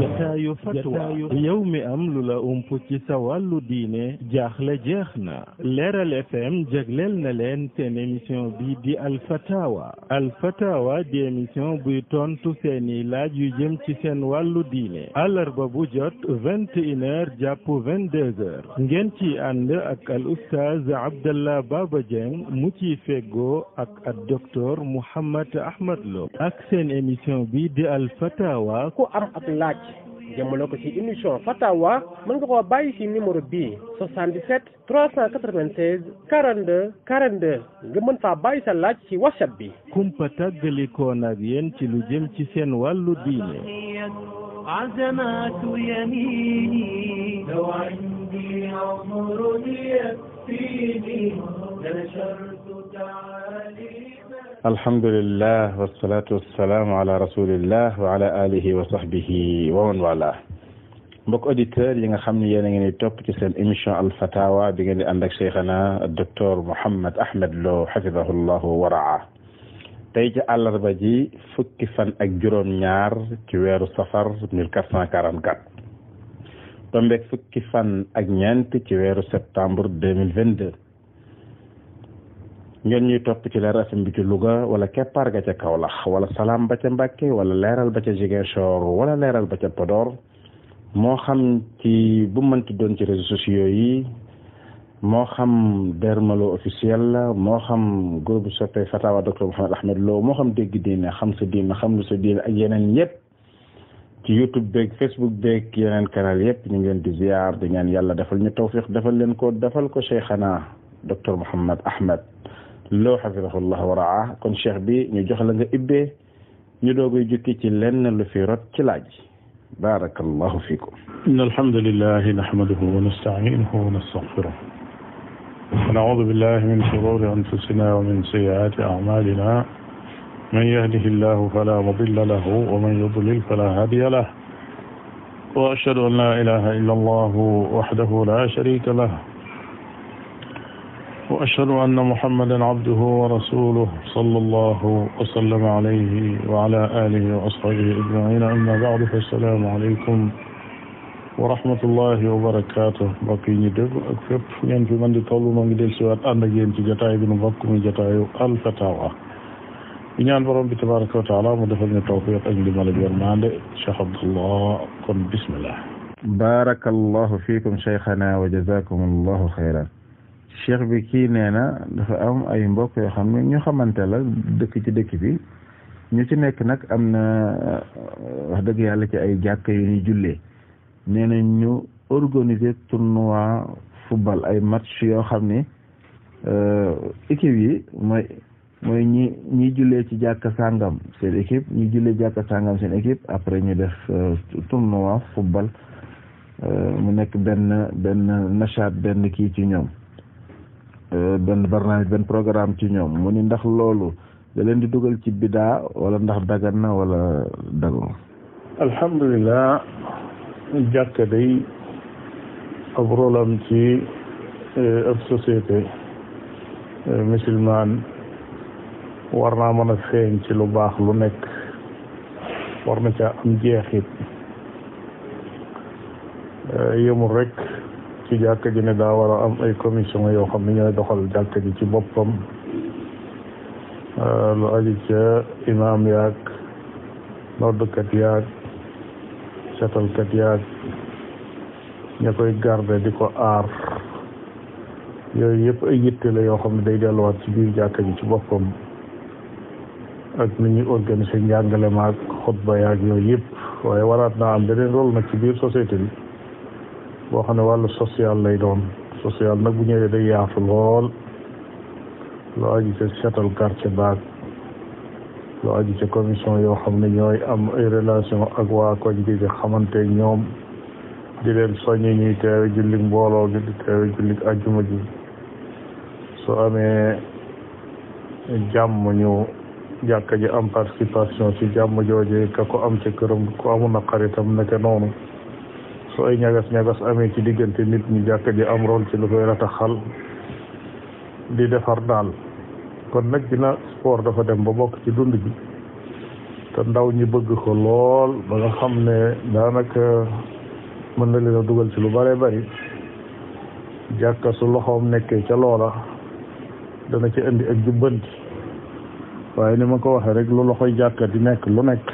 jataayu fatwa yow mi am lu la ump ci sa wàllu diine jaaxle jeex na leeral fm jagleel na leen seen émission bi di alfatawa alfatawa di émission buy tontu seeni laaj yu jëm ci seen wàllu diine àllarba bu jot vingt et une heures ngeen ci ànd ak al oustaz abdallah baba dieng mu ci feggoo ak ak docteur mouhammad ahmad lo ak seen émission bi di alfatawa ak laaj jëmale ko ci émission Fatawa mën nga koo bàyyi ci numéro bii 77 396 42 42 nga mën faa bàyyi sa laaj ci whatsapp bi. kumpa tàggalikoon ak yéen ci lu jëm ci seen wàllu diine. alhamdulillah wasalaatu wasalaamu ala rasulillah wa ala alihi wa sahbihi wa man mbokk auditeurs yi nga xam ni yéen a ngi ni topp ci seen émission alfatawa bi ngeen di ànd ak cheikhana docteur Mouhammad Ahmad Lo xafidahullahu wa raa tey ci àllarba ji fukki fan ak juróom-ñaar ci weeru safar 1444 tombeeg fukki fan ak ñeent ci weeru septembre 2022 ngeen ñuy topp ci leer FM bi ci Louga wala keppaar ga ca Kaolack wala salaam ba ca Mbàkke wala leeral ba ca Ziguinchor wala leeral ba ca Podor moo xam ci bu mënti doon ci réseaux sociaux yi moo xam dermalo officiel la moo xam groupe soppe fatawa docteur Mouhamed Ahmed Lo moo xam dégg diine xam sa diine xam lu sa diine ak yeneen yëpp ci youtube beeg facebook beeg yeneen canal yëpp ñu ngeen di ziar di ngeen yàlla defal ñu tawfiq defal leen ko defal ko cheikhana docteur Mouhamed Ahmed loo xafidahullah wa raa kon cheikh bi ñu jox la nga ibbee ñu doogoy jukki ci lenn lu fi rot ci laaj barakallahu fikum inna alhamdulillahi nahmaduhu wa nasta'inuhu wa nastaghfiruh wa na'udhu billahi min shururi anfusina wa min sayyi'ati a'malina man yahdihillahu fala mudilla lahu wa man yudlil fala hadiya lahu wa ashhadu an la ilaha illa allah wahdahu la sharika lahu وأشهد أن محمدا عبده ورسوله صلى الله وسلم عليه وعلى آله وأصحابه أجمعين أما بعد فالسلام عليكم ورحمة الله وبركاته mbokk yi ñu dégg ak fépp fu ngeen fi mën di toll ma ngi del siwaat ànd ak yéen ci jataay bi nu bokk muy jataayu Al Fatawa di ñaan borom bi tabaraka wa taala mu defal ñu tawfiq ak ndimbal ak yërmande Cheikh Abdallah kon bismillah barakallahu fikum cheikhana wa jazakum allahu xayran cheikh bi kii nee na dafa am ay mbokk yoo xam ne ñu xamante la dëkk ci dëkk bi ñu ci nekk nag am na euh, wax dëgg yàlla ci ay jàkk yu ñu jullee nee ñu organiser tournoi football ay match yoo xam ne euh, équipe yi mooy mooy ñi ñi jullee ci jàkka sàngam seen équipe ñi jullee jàkka sàngam seen équipe après ñu def euh, tournoi football mu nekk benn benn nachaat benn kii ci ñoom Euh, benn barnaamij benn programme ci ñoom mu ni ndax loolu da leen di dugal ci bidaa wala ndax dagan na wala dago alhamdulilah jàkka day ab rolam ci euh, ab société euh, musulman war a feeñ ci lu baax lu nekk war na caa am jeexit yëmul rek ci jàkka ji ne daa war a am ay commission yoo xam ne ñooy doxal jàkka ji ci boppam euh, lu aju ca imaam yaag noddkat yaag setalkat yaag ña koy garde di ko aar yooyu yëpp ay yitte la yoo xam ne day delluwaat ci biir jàkka ji ci boppam ak ni ñuy organiser njàngale maag xutba yaag yooyu yëpp waaye waraat naa am beneen rôle nag ci biir société bi boo xam ne wàll social lay doon social nag bu ñëwee day yaatu lool lu aju ca setal quartier baag lu aju ca commission yoo xam ne ñooy am ay relation ak waa koñ bi di xamante ñoom di leen soññi ñuy teewe jullit mbooloo bi di teewe jullit ajjuma ji su amee jàmm ñu jàkka ji am participation ci jàmm joojee ka ko am ci këram ko amu naqaritam nekk noonu su ay ñagas-ñagas amee ci diggante nit ñu jàkka ji am rôle ci lu koy rataxal di defar daal kon nag dina sport dafa dem ba bokk ci dund bi te ndaw ñi bëgg ko lool ba nga xam ne daa nag mën na leen a dugal ci lu bare bari jàkka su loxoom nekkee ca loola dana ci indi ak jubbanti waaye ni ma ko waxee rek lu loxoy jàkka di nekk lu nekk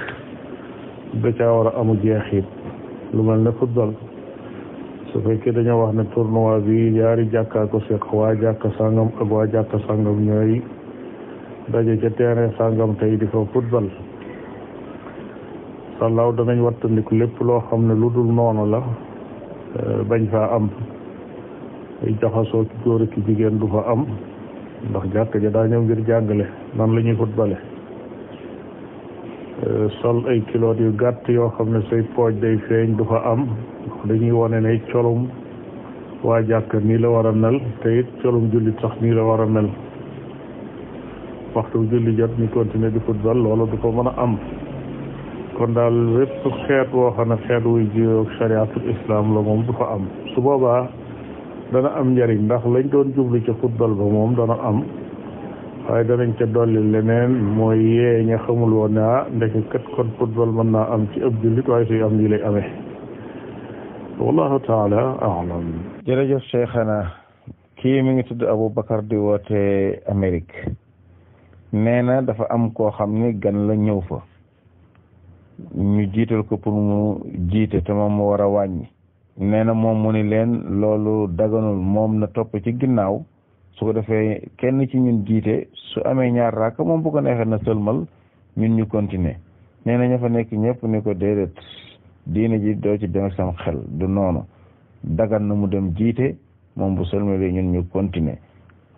da caa war a amu jeexit lu mel ne football su fekkee dañoo wax ne tournoi bi ñaari jàkkaa ko seq waa jàkka sàngam ak waa jàkka sàngam ñooy daje ca terrain sàngam tey di fa football sàllaaw danañ wattandiku lépp loo xam ne lu dul noonu la euh, bañ faa am jaxasoo ci góor jigéen du fa am ndax jàkka ja daa ñëw ngir jàngale nan la ñuy footballé Eh, sol ay kiloot yu gàtt yoo xam ne say pooj day feeñ du fa am dañuy wane ne colum waa jàkk nii la war a mel te it colum jullit sax nii la war a mel waxtu julli jot ñu continuer di football loolu du ko mën a am kon daal lépp xeet woo xam ne xeet wuy jiyoog chariatul islam la moom du fa am su boobaa dana am njariñ ndax lañ doon jublu ca football ba moom dana am waaye danañ ca dolli leneen mooy yee ña xamul woon ne ah ndeke kat kon football mën naa am ci ëpp jullit waaye suy am yi lay ame wallahu taala alam jërëjëf Cheikhana kii mi ngi tudd bakar di woote amerig nee na dafa am koo xam ni gan la ñëw fa ñu jiital ko pour mu jiite te moom mu war a wàññi nee na moom mu ni leen loolu daganul moom na topp ci ginnaaw su ko defee kenn ci ñun jiite su amee ñaar raaka moom bu ko neexee na sëlmal ñun ñu continuer nee na ña fa nekk ñëpp ni ko déedéet diine ji doo ci dem ak sam xel du noonu dagan na mu dem jiite moom bu sëlmalee ñun ñu continuer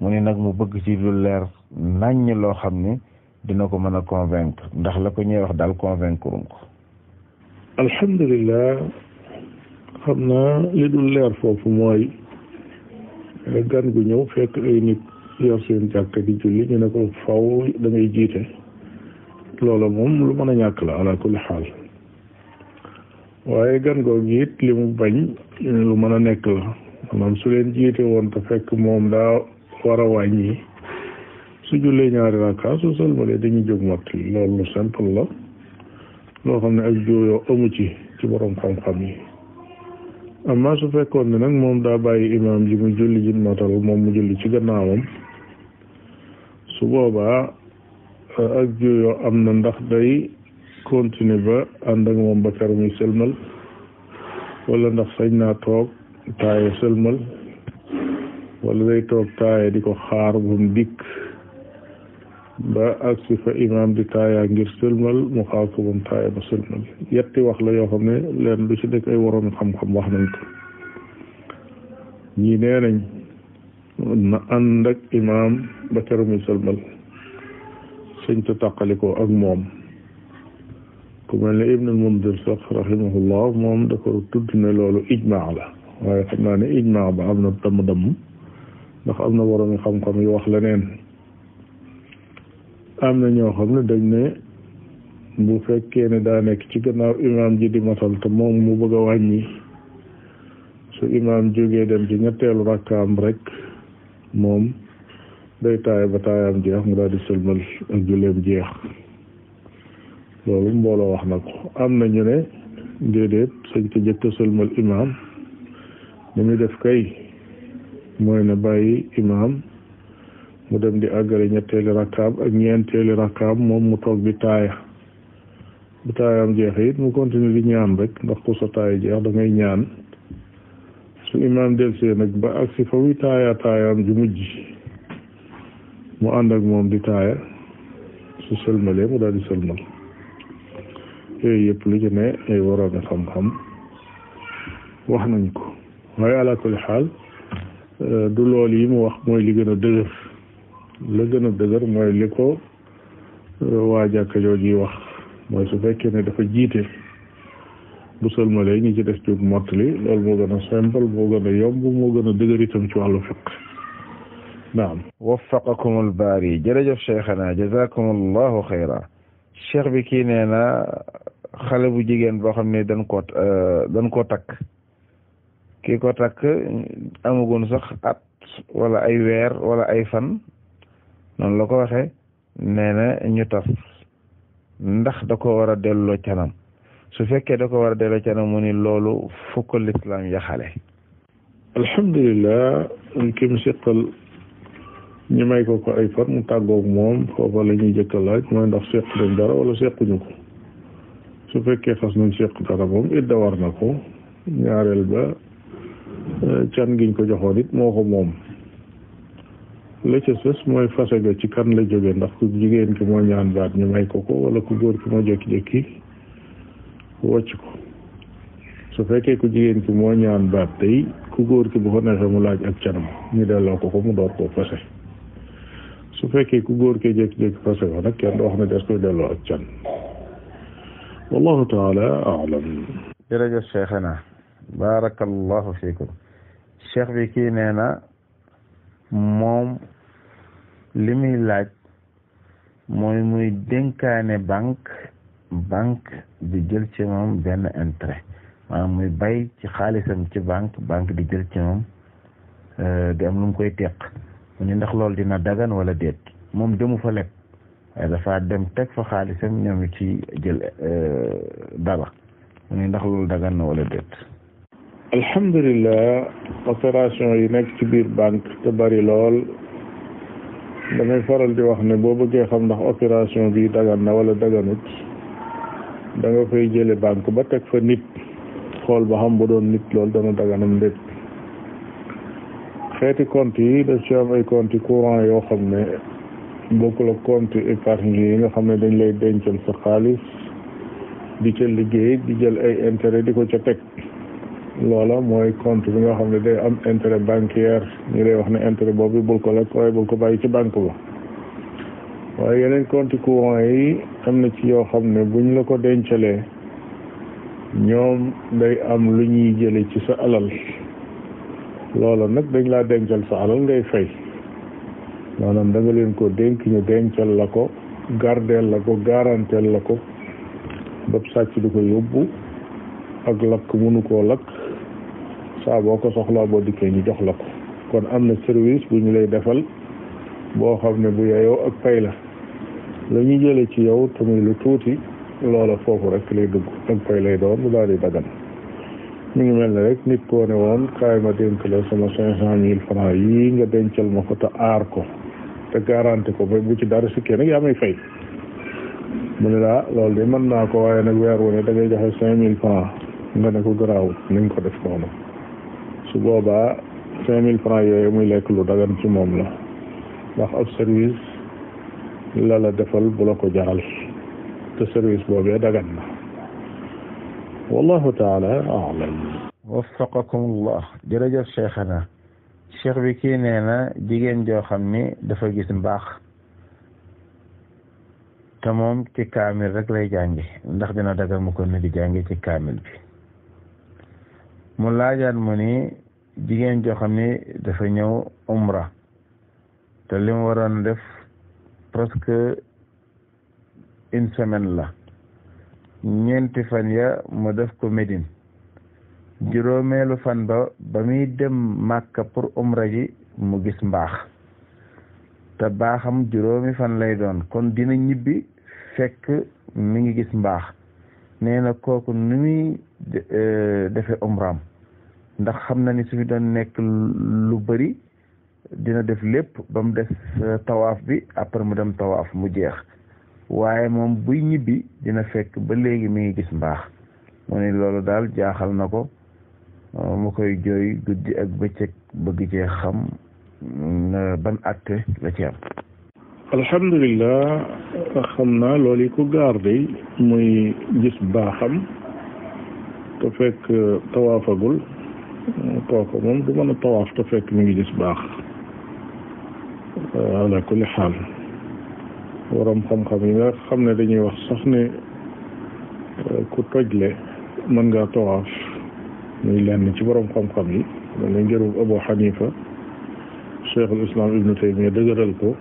mu ne nag mu bëgg ci lu leer naññ loo xam ni dina ko mën a convaincre ndax la ko ñuy wax daal convaincre ko. alhamdulilah xam naa li dul leer foofu mooy. gan gu ñëw fekk ay nit yor seen jàkka di julli ñu ne ko faw da jiite loola moom lu mën a ñàkk la ala kulli xaal waaye gan googu it li mu bañ lu mën a nekk la maanaam su leen jiite woon te fekk moom daa war a wàññi su jullee ñaari rakka su sëlmalee dañuy jóg mott loolu simple la loo xam ne ak jooyoo amu ci ci borom xam-xam yi amma su fekkoon ne nag moom daa bàyyi imaam ji mu julli ji matal moom mu julli ci gannaawam su boobaa eh, ak juyoo am na ndax day continuer ba ànd ak moom ba kar muy sëlmal wala ndax sañ naa toog taaye sëlmal wala day toog taaye di ko xaar ba mu dikk ba agsi fa imam di taaya ngir sëlmal mu xaar ko ba ba sëlmal yetti wax la yoo leen lu ci nekk ay waroon xam wax nañ ko ñii nee nañ na ànd ak ba kero muy sëlmal sëñ te tàqalikoo ak moom ku mel ne ibn al-Mundir sax rahimahullah moom da ko tudd ne loolu ijmaa la waaye xam naa ne ijmaa ba am na damm-damm ndax am na waroon xam-xam yu wax leneen am na ñoo xam ne dañ ne bu fekkee ne daa nekk ci gannaaw imaam ji di matal te moom mu bëgg a wàññi su imaam jógee dem ci ñetteelu rakkaam rek moom day taay ba taayaam jeex mu daal di sëlmal ak julleem jeex loolu mbooloo wax na ko am na ñu ne déedéet sañ ko jëkk sëlmal imaam li def kay mooy na bàyyi imaam mu dem di àggale ñetteeli rakkaab ak ñeenteeli rakkaab moom mu toog di taaya bu taayaam jeexee it mu continue di ñaan rek ndax ku sa taaya jeex dangay ñaan su imaam delsee nag ba agsi fa muy taaya taayaam ju mujj mu ànd ak moom di taaya su sëlmalee mu daal di sëlmal yooyu yëpp lu ci ne ay waroomi xam-xam wax nañ ko waaye ala kulli xaal du lool yi mu wax mooy li gën a dëgër la gën a dëgër mooy li ko euh, waa jàkka jooju wax mooy su fekkee ne dafa jiite bu sëlmalee ñi ci def jóg mottali loolu moo gën a simple moo gën a yomb moo gën a dëgër ci wàllu fiq naam waffaqakum albaari jërëjëf cheikhana jazakum allahu xayra cheikh bi kii nee na xale bu jigéen boo xam ne dañ ko euh, dañ ko takk ki ko takk amagun sax at wala ay weer wala ay fan noonu la ko waxee nee na ñu tas ndax da ko war a delloo canam su fekkee da ko war a delloo canam mu ni loolu fukk lislaam yaxale alhamdulilah kim siqal ñu may ko ko ay fan mu tàggoog moom foofa la ñuy jëkka laaj mooy ndax seq nañ dara wala sequñu ko su fekkee xas nañ seq dara moom idda war na ko ñaareel ba eh, can giñ ko joxoon it moo ko moom la ca mooy fase ga ci kan la jóge ndax ku jigéen ki moo ñaan baat ñu may ko ko wala ku góor ki moo jékki-jékki wocc ko su fekkee ku jigéen ki moo ñaan baat tey ku góor ki bu ko neexee mu laaj ak canam ñu delloo ko ko mu door ko fase su fekkee ku góor kee jékki-jékki fase ko nag kenn du wax ne des koy delloo ak can wallahu taala alam jërëjëf cheikhana barakallahu fikum cheikh bi kii nee na moom li muy laaj mooy muy dénkaane bank banque di jël ci moom benn intérêt maanaam muy bay ci xaalisam ci banque banque di jël ci moom euh, di am lu mu koy teq mu ni ndax loolu dina dagan wala déet moom demu fa lekk waaye dafa dem teg fa xaalisam ñoom ci jël euh, dara mu ni ndax loolu dagan na wala déet alhamdulilah opération yi nekk ci biir banque te bari lool damay faral di wax ne boo bëggee xam ndax opération bi dagan na wala daganut da nga fay jële banque ba teg fa nit xool ba xam bu doon nit lool dana daganam ndét xeeti compte yi daf ci am ay compte courant yoo xam ne bokkul ak compte épargne yi nga xam ne dañ lay dencal sa xaalis di ca liggéey di jël ay intérêt di ko ca teg loola mooy compte bi nga xam ne day am intérêt bancaire ñu lay wax ne intérêt boobu bul ko lekk waaye bul ko bàyyi ci banque ba waaye yeneen compte courant yi am na ci yoo xam ne buñ la ko dencalee ñoom day am lu ñuy jële ci sa alal loola nag dañ laa dencal sa alal ngay fay maanaam da nga leen ko dénk ñu dencal la ko gardeel la ko garanteel la ko bab sàcc du ko yóbbu ak lakk mënu koo lakk saa boo ko soxlaa boo dikkee ñu jox la ko kon am na service bu ñu lay defal boo xam ne bu yeyoo ak pay la la ñu jële ci yow te muy lu tuuti loola foofu rek lay dugg ak pay lay doon bu daal di dagan ngi mel ne rek nit koo woon kaay ma dénk la sama cinq cent mille francs yii nga dencal ma ko te aar ko te garanti ko ba bu ci dara sikkee nag yaa may fay mu ne laa ah, loolu de mën naa ko waaye nag weer wone ne da ngay joxe cinq mille francs nga ne ko garaawul nañ ko def noonu su boobaa cinq mille francs yooyu muy lekk lu dagan ci moom la ndax ab service la la defal bu la ko jaral te service boobee dagan na wallahu taala alam waffaqakum allah jërëjëf cheikhana cheikh bi kii nee na jigéen joo xam ni dafa gis baax te moom ci kaamil rek lay jàngi ndax dina dagal mu ko ne di ci kaamil bi mu laajaat mu ni jigéen joo xam ni dafa ñëw umra te li mu waroon def presque une semaine la ñeenti fan ya mu def ko Médine juróomeelu fan ba ba muy dem Màkka pour umra ji mu gis mbaax te baaxam juróomi fan lay doon kon dina ñibbi fekk mu ngi gis mbaax nee na kooku nu muy euh, defe umraam ndax xam na ni su fi doon nekk lu bari dina def lépp ba mu des euh, tawaaf bi après mu dem tawaaf mu jeex waaye moom buy ñibbi dina fekk ba léegi mi ngi gis mbaax mu ne loolu daal jaaxal na ko euh, mu koy jooy guddi ak bëccëg bëgg cee xam euh, ban atte la ci am alhamdulilah xam naa loolu yi ko gaar day muy gis baaxam te fekk tawaafagul kooku moom du mën a tawaaf te fekk mi ngi gis baax ala kulli xaal waroom xam-xam yi nga xam ne dañuy wax sax ne ku tojle mën ngaa tawaaf muy lenn ci borom xam-xam yi mel ne ngërub Abu Xanifa cheikh al islam ibnu taymiya dëgëral ko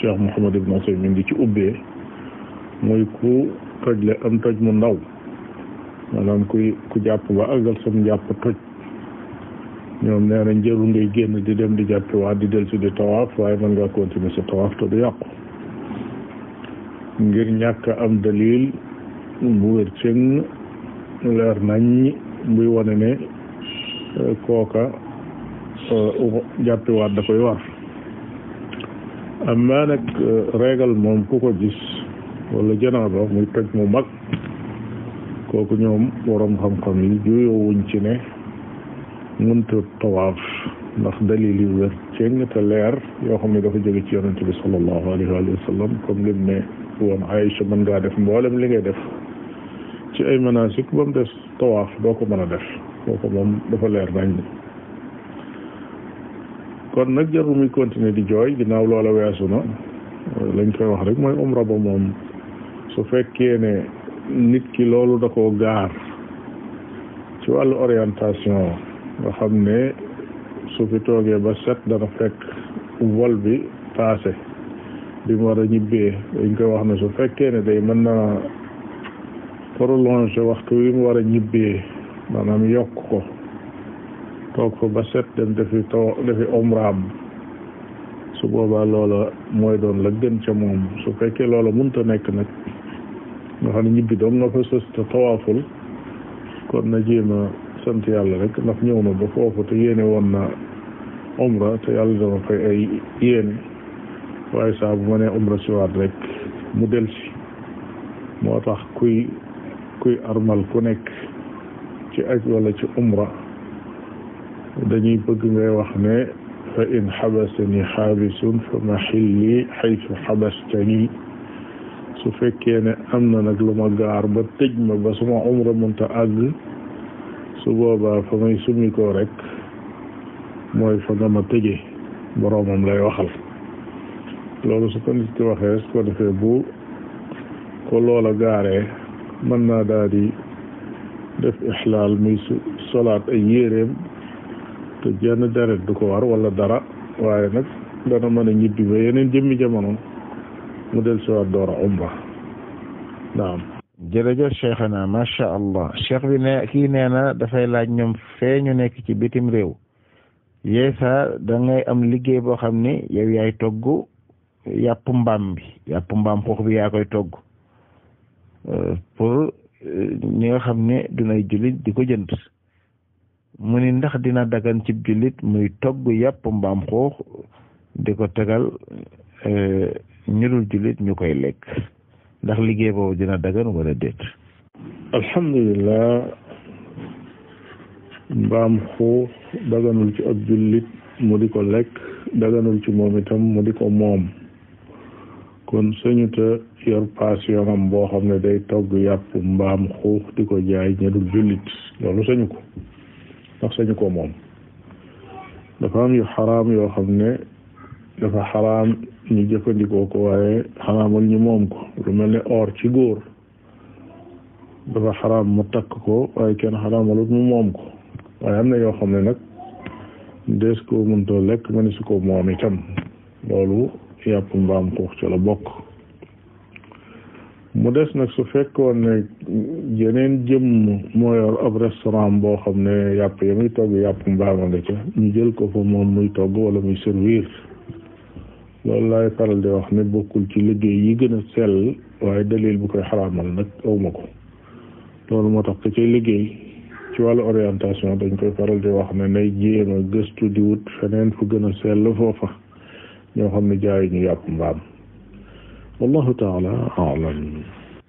cheikh Mouhamad ibnu Usaymin di ci ubbee muy ku tojle am toj mu ndaw maanaam kuy ku jàpp ba àggal sam jàpp toj ñoom nee nañ jëru ngay génn di dem di jàpp waa di del si di tawaaf waaye mën ngaa continuer sa tawaaf te du yàqu ngir ñàkk am dalil bu wér cëng leer nañ buy wane ne euh, kooka euh, jàppiwaat da koy war amma nag euh, régal moom ku ko gis wala janaaba muy toj mu mag kooku ñoom borom xam-xam yi juyoo wuñ ci ne mënta tawaaf ndax dalil yu wér ceng te leer yoo xam ne dafa jóge ci yonente bi sallallahu alayhi wa sallam comme lim ne woon Aïcha mën ngaa def mboolem li ngay def ci ay manasik ba mu des tawaaf doo ko mën a def kooku moom dafa leer nañ ni kon nag jarul muy continuer di jooy ginnaaw loola weesu na lañ koy wax rek mooy umra ba moom su fekkee ne nit ki loolu da koo gaar ci wàllu orientation nga xam ne su fi toogee ba set dana fekk vol bi passé bi mu war a ñibbee dañ koy wax ne su fekkee ne day mën na prolonger waxtu wi mu war a ñibbee maanaam yokk ko toog fa ba set dem dafi too dafi omraam su boobaa loola mooy doon la gën ca moom su fekkee loola munta nekk nag nga xam ne ñibbi doom na fa sës te tawaaful kon na jéema sant yàlla rek ndax ñëw na ba foofu te yéene woon na umra te yàlla dama koy ay yéene waaye saa bu ma nee si waat rek mu del si tax kuy kuy armal ku nekk ci aj wala ci umra dañuy bëgg ngay wax ne fa in xabasani xaabisun fa ma xilli xaytu xabastani su fekkee ne am na nag lu ma gaar ba tëj ma ba suma umra munta àgg su boobaa fa may summi koo rek mooy fa nga ma tëje boroomam lay waxal loolu su ko nit ki waxee su ko defee bu ko loola gaaree mën naa daal di def ixlaal muy solaat ay yéreem te jenn deret du ko war wala dara waaye nag dana mën a ñibbi ba yeneen jëmmi jamono mu del siwaat door a umra naam jërëjëf cheikhana macha allah cheikh bi ne kii nee na dafay laaj ñoom fee ñu nekk ci bitim réew yeesa dangay am liggéey boo xam ne yow yaay togg yàpp mbaam bi yàpp mbaam xuux bi yaa koy togg euh, pour euh, ñi nga xam ne dunay jullit di ko jënd mu ni ndax dina dagan cib jullit muy togg yàpp mbaam xuux di ko tegal euh, ñu dul jullit ñu koy lekk ndax liggéey boobu dina dagan wala déet alhamdulilah mbaam xuux daganul ci ab jullit mu di ko lekk daganul ci moom itam mu di ko moom kon sañuta yor passion boo xam ne day togg yàpp mbaam xuux di ko jaay ñedul jullit loolu sañu ko ndax sañu ko moom dafa am yu xaraam yoo xam ne dafa xaraam ñu jëfandikoo ko waaye xaraamul ñu moom ko lu mel ni or ci góor dafa xaraam mu takk ko waaye kenn xaraamulut mu moom ko waaye am na yoo xam ne nag des koo mëntoo lekk mëni su ko moom itam loolu yàpp mbaam xuux ci la bokk mu des nag su fekkoon ne yeneen jëm moo yor ab restaurant boo xam ne yàpp ya muy togg yàpp mbaam a nga ca ñu jël ko fa moom muy togg wala muy servir loolu laay faral di wax ne bokkul ci liggéey yi gën a sell waaye dalil bu koy xaraamal nag awma ko moo tax que liggéey ci wàllu orientation dañ koy faral di wax ne nay jéem a gëstu di wut feneen gën a sell foofa ñoo xam ne jaay ñu yàpp mbaam wallahu taala alam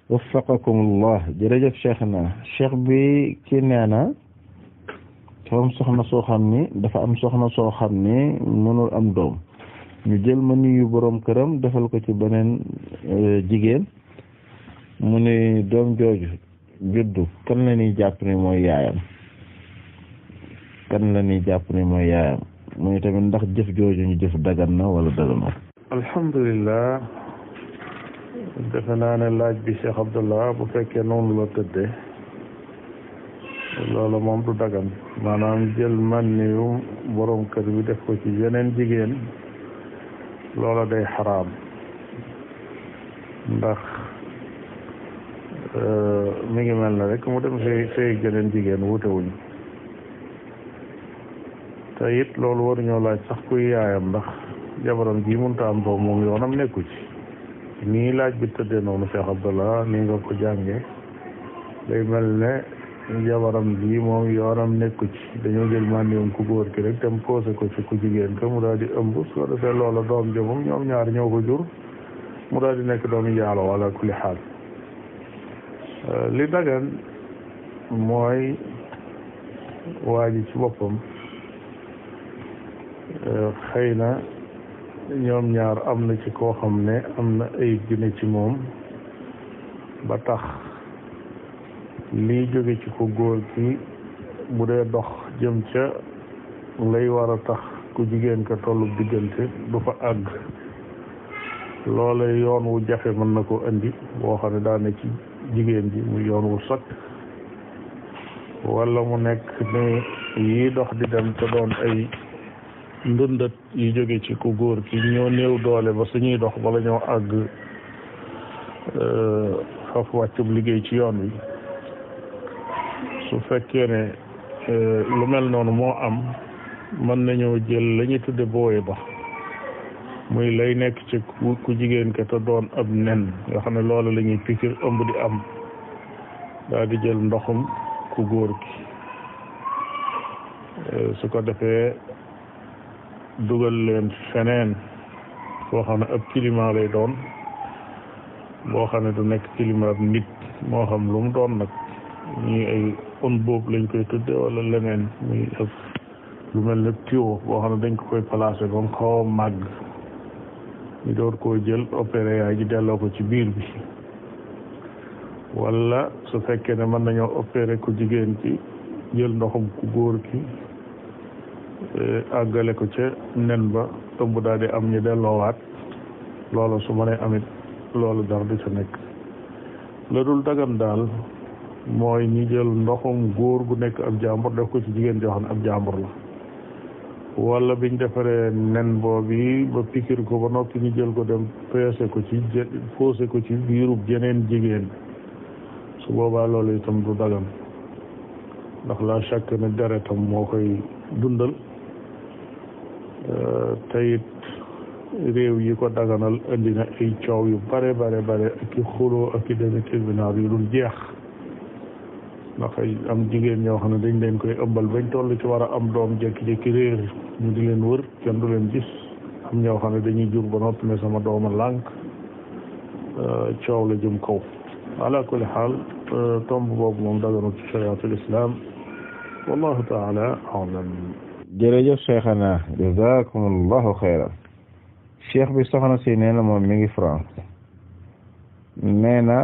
waffaqakum allah jërëjëf cheikh na cheikh bi ki nee na dafa am soxna soo xam ni dafa am soxna soo xam ni mënul am doom ñu jël ma nuyu boroom këram defal ko ci beneen euh, jigéen mu ne doom jooju juddu kan la ñuy jàpp ne mooy yaayam kan la ñuy jàpp ne mooy yaayam mu ne tamit ndax jëf jooju ñu jëf dagan na wala daganul. alhamdulilah defe naa ne laaj bi Cheikh Abdallah bu fekkee noonu la tëddee loolu moom du dagan maanaam jël man niyu borom kër bi def ko ci yeneen jigéen. loola day xaraam ndax euh, mu ngi mel ne rek mu dem sëy sëy geneen jigéen wutewuñ te it loolu waruñoo laaj sax kuy yaayam ndax jabaram ji mënta am doom moom yoonam nekku ci nii laaj bi tëddee noonu Cheikh a nii nga ko jànge day mel ne jabaram lii moom yoonam nekku ci dañoo jël màndiwum ku góor ki rek tam posé ko ci ku jigéen ka mu daal di ëmb soo loola doom ja moom ñoom ñaar ñoo ko jur mu daal di nekk doomi njaalo wala kulli xaal li dagan mooy waa ji ci boppam xëy na ñoom ñaar am na ci koo xam ne am na ayib gi ne ci moom ba tax lii jóge ci ku góor ki bu dee dox jëm ca lay war a tax ku jigéen ka tollu diggante du fa àgg loola yoon wu jafe mën na koo indi boo xam ne daane ci jigéen ji mu yoon wu sot wala mu nekk ne yi dox di dem ca doon ay ndundat yu jóge ci ku góor ki ñoo néew doole ba suñuy dox bala ñoo àgg euh, faf wàccub liggéey ci yoon wi su fekkee ne euh, lu mel noonu moo am mën nañoo jël lañuy ñuy tudde booye ba muy lay nekk ci ku jigéen ka te doon ab nen nga xam ne loolu lañuy ñuy pikir ëmb di am daal di jël ndoxum ku góor ki euh, su ko defee dugal leen feneen foo xam ne ab climat lay doon boo xam ne du nekk climat nit moo xam lu mu doon nag ñii ay on boobu lañ koy tudde wala leneen muy ab lu mel ne tuyau boo xam ne dañ ko koy placé ba mu xaw màgg ñu door koo jël opéré yaay ji delloo ko ci biir bi wala su fekkee ne mën nañoo opéré ku jigéen ki jël ndoxam ku góor ki e, àggale ko ca nen ba ëmb daal di am ñu delloowaat loola su mënee amit loolu dara du ca nekk la dul dagan daal mooy ñu jël ndoxum góor gu nekk ab jàmbur def ko ci jigéen joo xam ne ab jàmbur la wala biñ defaree nen boobu ba pikir ko ba noppi ñu jël ko dem peese ko ci jë foose ko ci biirub jeneen jigéen su boobaa loolu itam du dagan ndax la chaque ne deretam moo koy dundal euh, te réew yi ko daganal indi na ay coow yu bare bare bare ak i xuloo ak i demi tribunal yu dul jeex dafay am jigéen ñoo xam ne dañ leen koy ëmbal bañ toll ci war a am doom jékki-jékki réer ñu di leen wër kenn du leen gis am ñoo xam ne dañuy jur ba noppi ne sama dooma lànk euh, coow la jëm kaw ala kulli xaal euh, tomb boobu moom daganul ci chariatul islam wallahu taala alam jërëjëf cheikhana jazakumullahu xayran cheikh bi soxna si nee na moom mi ngi France nee na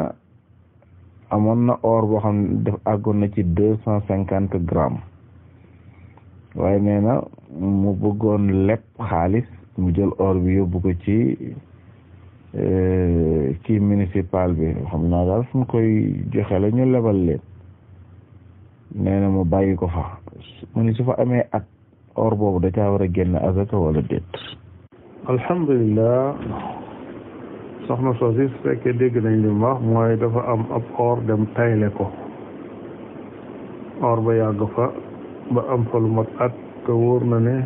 amoon na or boo xam ne def àggoon na ci deux cent cinquante grammes waaye nee na mu bëggoon lépp xaalis mu jël or bi yóbbu ko ci euh, kii municipal bi xam naa daal fu ñu koy joxe la ñu lebal leen nee na mu bàyyi ko fa mu ni su fa amee at or boobu da caa war a génn azaka wala déet alhamdulilah soxna soosi su fekkee dégg nañ li mu wax mooy dafa am ab or dem tayle ko or ba yàgg fa ba am fa lu mat at te na ne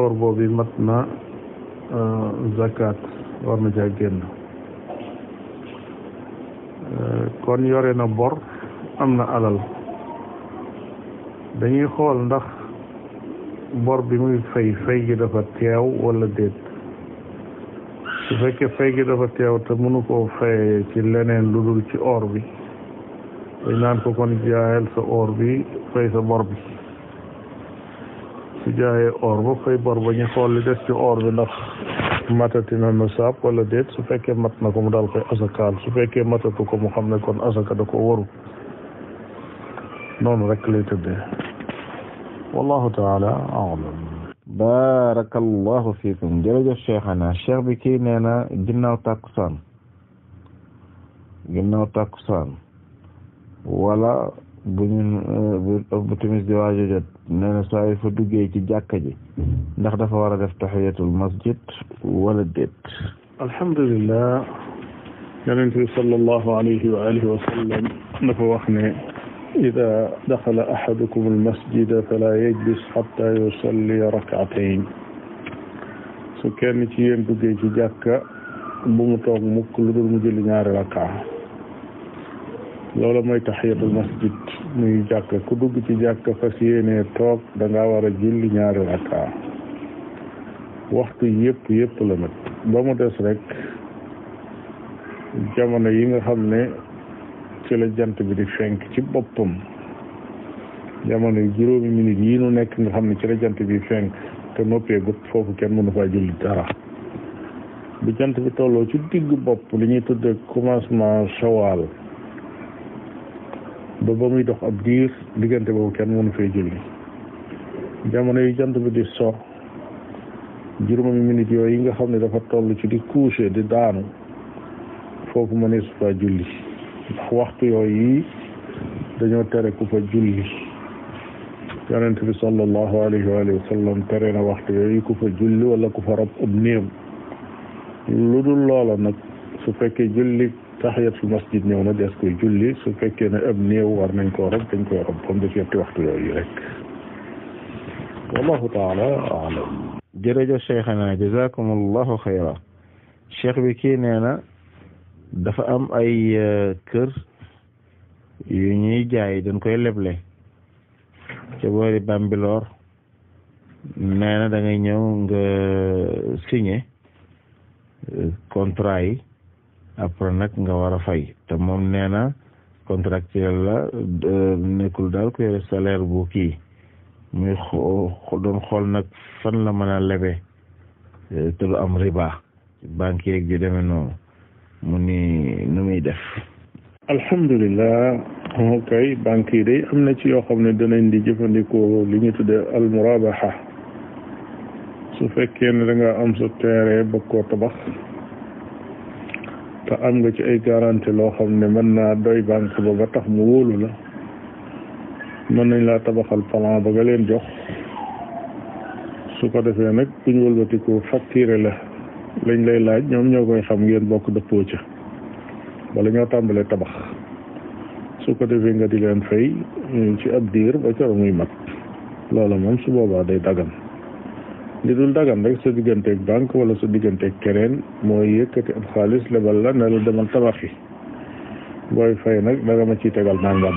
or boobu mat na euh, zakat war na caa génn euh, kon yore na bor am na alal dañuy xool ndax bor bi muy fay fay gi dafa teew walla déet su fekkee fay gi dafa teew te mënu koo fayee ci leneen lu dul ci or bi dañ naan ko kon jaayal sa or bi fay sa bor bi su jaayee or ba fay bor ba ñu xool li des ci or bi ndax matati na nisaab wala déet su fekkee mat na ko mu daal koy asakaal su fekkee matatu ko mu xam ne kon asaka da ko waru noonu rek lay tëddee wallahu taala a'lam barakallahu fiikum jërëjëf cheikhana cheikh bi kii nee na ginnaaw takkusaan ginnaaw takkusaan wala bu ñu bu timis di waajo jot nee na saa yu fa duggee ci jàkka ji ndax dafa war a def tahiyatul masjid wala déet alhamdulillah yonent bi sallallahu alayhi wa alihi wa sallam dafa wax ne ida daxala axadukum almasjida fala yajlis xatta yusalli rakatayn su kenn ci yéen duggee ci jàkka bu mu toog mukk lu dul mu julli ñaari rakka loolu mooy taxiyatul masjid muy jàkka ku dugg ci jàkka fas yéenee toog da ngaa war a julli ñaari rakka waxtu yëpp yëpp la nag ba mu des rek jamono yi nga xam ne ci la jant bi di fenk ci boppam jamono juróomi minute yi nu nekk nga xam ne ci la jant bi fenk te noppee gut foofu kenn mënu faa julli dara bu jant bi tolloo ci diggu bopp li ñuy tudd commencement shawal ba ba muy dox ab diir diggante boobu kenn mënu fee julli jamono yi jant bi di so juróomi minute yooyu yi nga xam ne dafa toll ci di coucher di daanu foofu mënees faa julli waxtu yooyu dañoo tere ku fa julli yonent bi sallallahu alayhi wa sallam tere na waxtu yooyu ku fa julli wala ku fa rob ab néew lu dul loola nag su fekkee julli tahiyatul masjid ñëw na des koy julli su fekkee ne ab néew war nañ koo rob dañ koy rob comme def yetti waxtu yooyu rek wallahu taala alam jërëjëf cheikhana jazakumullahu xayra cheikh bi kii nee na dafa am ay euh, kër yu ñuy jaay dañ koy leble ca boori Bambilor nee na da ñëw nga euh, signé euh, contrat yi après nag nga war a fay te moom nee na contractuel la nekkul daal ku yore bu kii muy doon xool nag fan la mën a lebe te du am riba banque yeeg ji demee noonu mu ni nu muy def alhamdulilah moo kay banque yi day am na ci yoo xam ne danañ di jëfandikoo li ñu tuddee almurabaha su fekkee ne danga nga am sa terrain bëgg koo tabax te am nga ci ay garantie loo xam ne mën naa doy bank ba ba tax mu wóolu la mën nañ laa tabaxal plan ba nga leen jox su ko defee nag buñ wëlbatikoo facturé la lañ lay laaj ñoom ñoo koy xam ngeen bokk dëppoo ca wala ñoo tàmbalee tabax su ko defee nga di leen ci ab diir ba coro muy mat loola moom su boobaa day dagan li dul dagan rek sa digganteeg banque wala sa digganteeg keneen mooy yëkkati ab xaalis lebal la ne la demal tabax yi booy fay nag danga ma ciy tegal nangam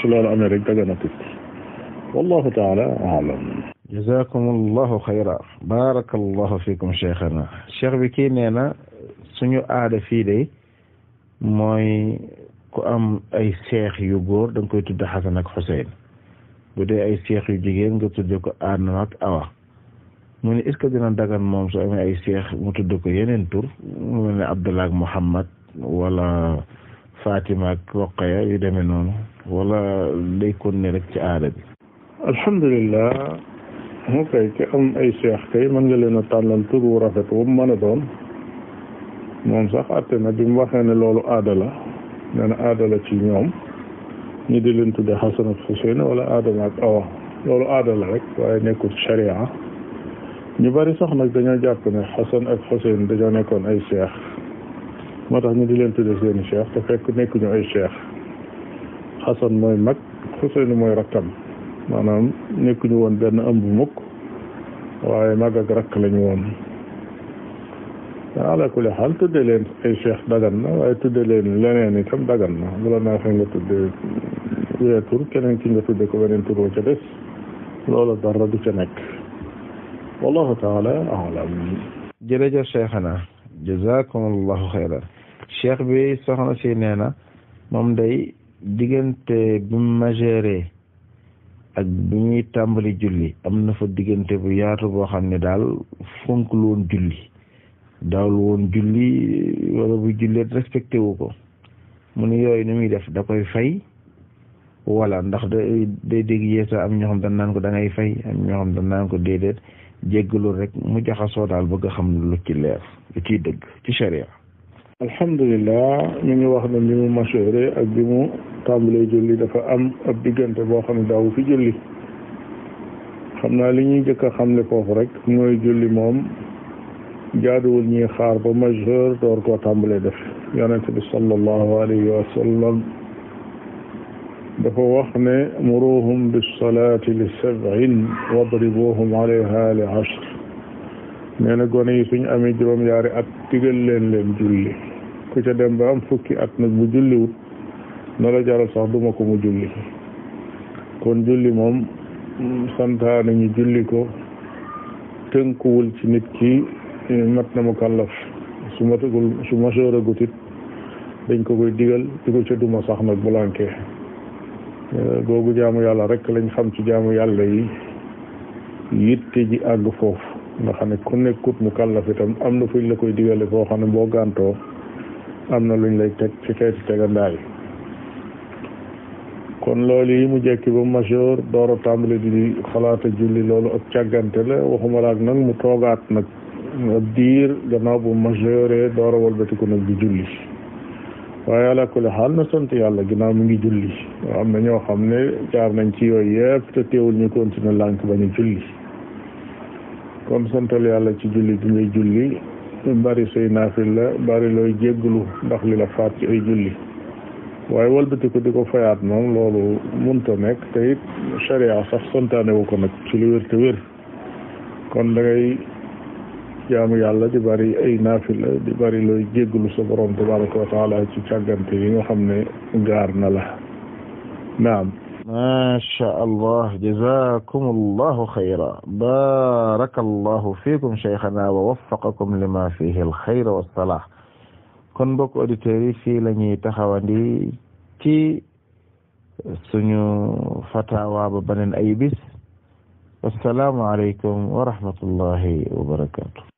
su loolu amee rek daganatul wallahu taala alam jazakumullahu xayra barakallahu fikum cheikhana cheikh bi kii nee na suñu aada fii de mooy ku am ay seex yu góor da nga koy tudd xasan ak xuseyn bu dee ay seex yu jigéen nga tudd ko aadama ak awa mu ne est dina dagan moom su amee ay seex mu tudd ko yeneen tur mu mel ne abdullah ak muhammad wala fatima ak roqaya yu demee noonu wala day kon ne rek ci aada bi alhamdulillah ok ki am ay seex kay mën nga leen a tànnal turu rafet bu mu mën a doon moom sax àtte na bi mu waxee ne loolu aada la nee na aada la ci ñoom ñu di leen tudde Xasan ak Xuseyn wala Adama ak Awa loolu aada la rek waaye nekkul sharia ñu bari sax nag dañoo jàpp ne Xasan ak Xuseyn dañoo nekkoon ay seex moo tax ñu di leen tudde seeni seex te fekk nekkuñu ay seex Xasan mooy mag Xuseyn mooy rakkam maanaam ñu woon benn ëmb mukk waaye mag ak rakk lañu woon ala kulli xaal tudde leen ay cheikh dagan na waaye tudde leen leneen itam dagan na bu la neexee nga keneen ki nga ko beneen tur wa ca loola dara du ca nekk wallahu taala alam jërëjëf cheikhana jazakumullahu xayran cheikh bi soxna si nee na moom day diggante bi ak bi ñuy tàmbali julli am na fa diggante bu yaatu boo xam ne daal fonk lu woon julli daawul woon julli wala bu julleet respecté wu ko mu ne yooyu ni muy def da koy fay wala ndax day dégg yeesa am ñoo xam dañ naan ko dangay ngay fay am ñoo xam dañ naan ko déedéet jéggalul rek mu jaxasoo daal bëgg xam lu ci leer lu ciy dëgg ci sharia alhamdulilah ñu ngi wax ne bi mu masoore ak bi mu julli dafa am ab diggante boo xam ne daawu fi julli xam naa li ñuy njëkk a xamle foofu rek mooy julli moom jaaduwul ñu xaar ba majeur door koo tàmbalee def yonente bi sallallahu alayhi wa sallam dafa wax ne muruhum bisalaati li sab'in li ashr nee na gone amee juróom at leen leen julli ku ca dem ba am fukki at nag mu julliwut na la jaral sax duma ko mu julli kon julli moom santaane nañu julli ko tënkuwul ci nit ki mat na mu kàllaf su matagul su masoragut it dañ ko koy digal di ko ca duma sax nag bu lànkee jaamu yàlla rek lañ xam ci jaamu yàlla yi yitte ji àgg foofu nga xam ne ku nekkut mu kàllaf itam am na fuñ la koy digale foo xam ne boo gàntoo am na luñ lay teg ci xeeti tegandaay kon loolu yi mu jekki ba majeur door a tàmbali di xalaata julli loolu ak càggante la waxuma laak nag mu toogaat nag ab diir gannaaw bu majeure door a walbatiku nag di julli waaye ala kulli xaal na sant yàlla ginnaaw mi ngi julli am na ñoo xam ne jaar nañ ci yooy yëpp te teewul ñu continuer lànk ba ñu julli kon santal yàlla ci julli bi julli bari say naafil la bari looy jégglu ndax li la faat ci ay julli waaye walbati ko di ko fayaat moom loolu munta nekk te it sharia sax santaane wu ko nag ci lu wér te wér kon da ngay jaamu yàlla di bari ay la di bari looy jégglu sa borom tabaraka wa taala ci càggante yi nga xam ne gaar na la naam macha allah jazakum allahu xayra baraka allahu fiikum cheikhana wa waffaqakum lima fihi alxayra wassalah kon mbokk auditeurs yi fii la ñuy taxawandi ci suñu fatawa ba beneen ay bis wassalaamu aleykum wa rahmatullahi wa barakatuh